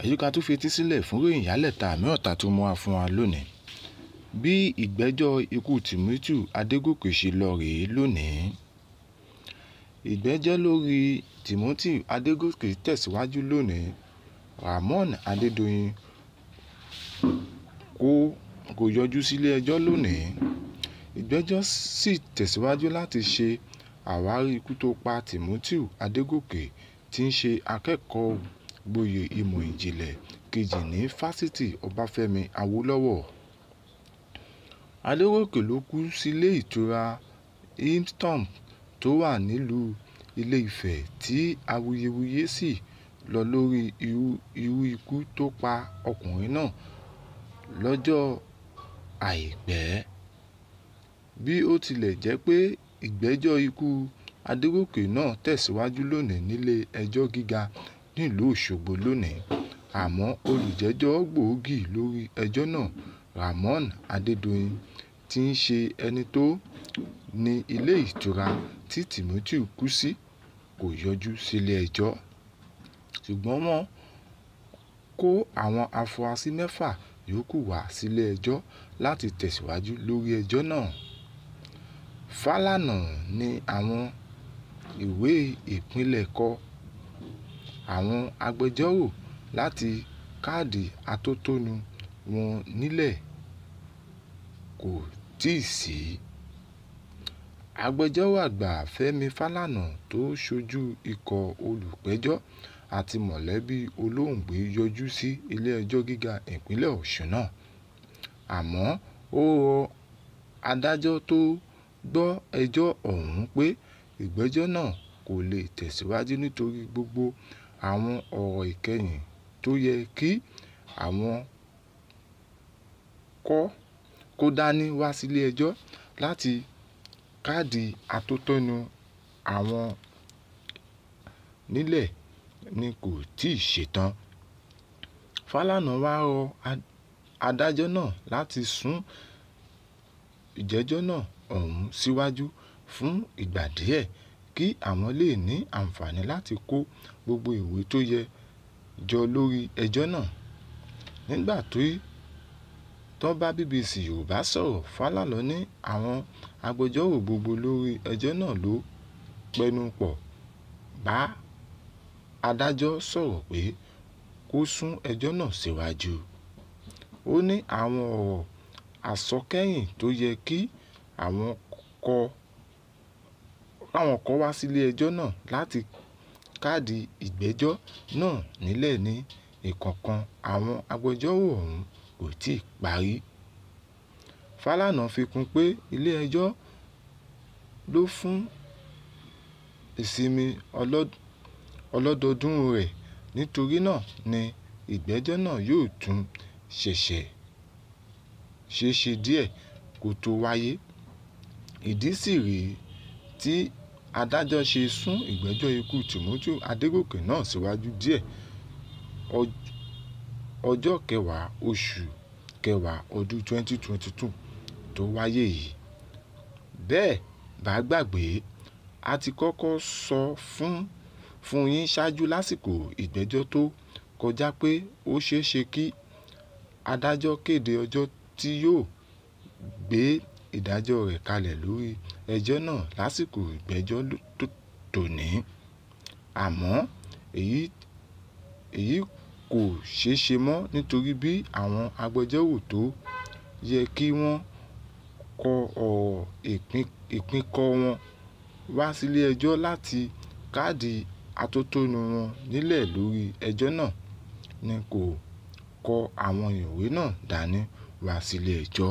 àyíká tún fetí sílẹ̀ fún ròyìn ìyálẹ̀ta àmì ọ̀tá tó mú wa fún wa lónìí bí ìgbẹ́jọ́ ikú Timothy Adégòkè ṣe lọ rèé lónìí ìgbẹ́jọ́ lórí Timothy Adégòkè tẹ̀síwájú lónìí Ramon Adédoyin kò kò yọjú sílé ẹjọ́ lónìí ìgbẹ́jọ́ sì tẹ̀síwájú láti ṣe àwárí ikú tó pa Timothy Adégòkè tí ń ṣe akẹ́kọ̀ọ́ gboyè ìmọ̀ ìjìnlẹ̀ kejì ní fásitì Ọbáfẹ́mi Awólọ́wọ̀. Adéròkè ló kú sílé ìtura Hilton tó wà nílùú Ilé-Ifẹ̀ tí awuyewuye sì lọ lórí irú ikú tó pa ọkùnrin náà lọ́jọ́ Àìpẹ́. Bí ó tilẹ̀ jẹ́ pé ìgbẹ́jọ́ ikú Adéròkè náà tẹ̀síwájú lónìí nílé ẹjọ́ gíga nílùú Òṣogbo lónìí, àmọ́ olùjẹ́jọ́ gbòógì lórí ẹjọ́ náà, Ramón Adédọ̀yìn tí í ṣe ẹni tó ni ilé ìtura tí Timothy kú sí, kò yọjú sílé ẹjọ́, ṣùgbọ́n wọ́n kó àwọn afurasí mẹ́fà yòókù wá sílé ẹjọ́ láti tẹ̀síwájú lórí ẹjọ́ náà. Fálànà ní àwọn ìwé ìpilẹ̀kọ àwọn agbẹjọ́rò láti káàdì atótónu wọn nílẹ̀ kò tíì sí. Agbẹjọ́rò àgbà Fẹ́mi Fálànà tó ṣojú ikọ̀ olùpẹ̀jọ́ àti mọ̀lẹ́bí olóògbé yọjú sí Ilé ẹjọ́ gíga ìpínlẹ̀ Ọ̀ṣun náà, àmọ́ ó rọ adájọ́ tó gbọ́ ẹjọ́ ọ̀hún pé ìgbẹ́jọ́ náà kò lè tẹ̀síwájú nítorí gbogbo àwọn ọ̀rọ̀ ìkẹyìn tó yẹ kí àwọn kó dání wá sí ilé ẹjọ́ láti káàdì atótónu àwọn nílẹ̀ ni kò tíì ṣetán. Fálànà wá rọ adájọ́ náà láti sún ìjẹ́jọ́ náà ọ̀hún síwájú fún ìgbà díẹ̀ kí àwọn lè ní àǹfààní láti kó gbogbo ìwé tó yẹ jọ lórí ẹjọ́ náà. Nígbà tí wọ́n bá BBC Yorùbá sọ̀rọ̀, Fálànà ní àwọn agbẹjọ́rò gbogbo lórí ẹjọ́ náà ló pẹnupọ̀ bá adájọ́ sọ̀rọ̀ pé kó sún ẹjọ́ náà síwájú. Ó ní àwọn ọ̀rọ̀ àsọkẹ́yìn tó yẹ kí àwọn kọ àwọn kan wá sílé ẹjọ́ náà láti káàdì ìgbẹ́jọ́ náà nílẹ̀ ní ìkọ̀ọ̀kan àwọn agbẹjọ́rò ọ̀hún kò tíì parí. Fálànà fi kún pé ilé ẹjọ́ ló fún ìsinmi ọlọ́dọọdún rẹ̀ nítorí náà ni ìgbẹ́jọ́ náà yóò tún ṣeéṣe díẹ̀ kó tó wáyé. Ìdí sì rèé tí adájọ́ ṣe sún ìgbẹ́jọ́ ikú timothy adọ́gọ́kẹ́ náà síwájú díẹ̀ ọjọ́ kẹwàá oṣù kẹwàá ọdún 2022 tó wáyé yìí bẹ́ẹ̀ bá gbàgbé a ti kọ́kọ́ sọ fún fún yín ṣáájú lásìkò ìgbẹ́jọ́ tó kọjá pé ó ṣeé ṣe kí adájọ́ kéde ọjọ́ tí yóò gbé ìdájọ́ rẹ̀ kalẹ̀ lórí ẹjọ́ náà lásìkò ìgbẹ́jọ́ tòní, àmọ́ èyí kò ṣeéṣe mọ́ nítorí bí àwọn agbẹjọ́rò tó yẹ kí wọ́n kọ ọ̀rọ̀ ìpínkọ wọn wá sílé ẹjọ́ láti kádìí atótónu wọn nílẹ̀ lórí ẹjọ́ náà, ni kò kó àwọn ìwé náà dání wá sílé ẹjọ́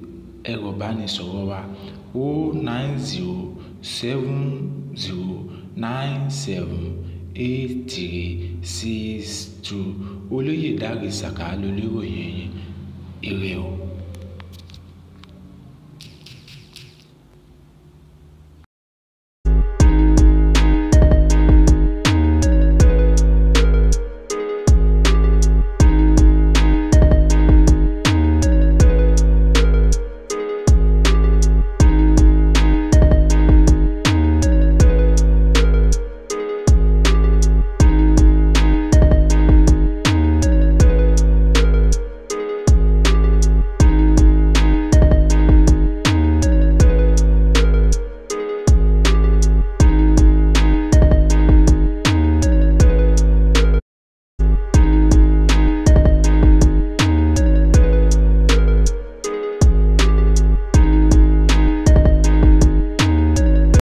ẹ̀rọ ìbánisọ̀rọ̀ wa o nine zero seven zero nine seven eight three six two. Olóyèdárì Sàká lolóròyìn yín. Ire o.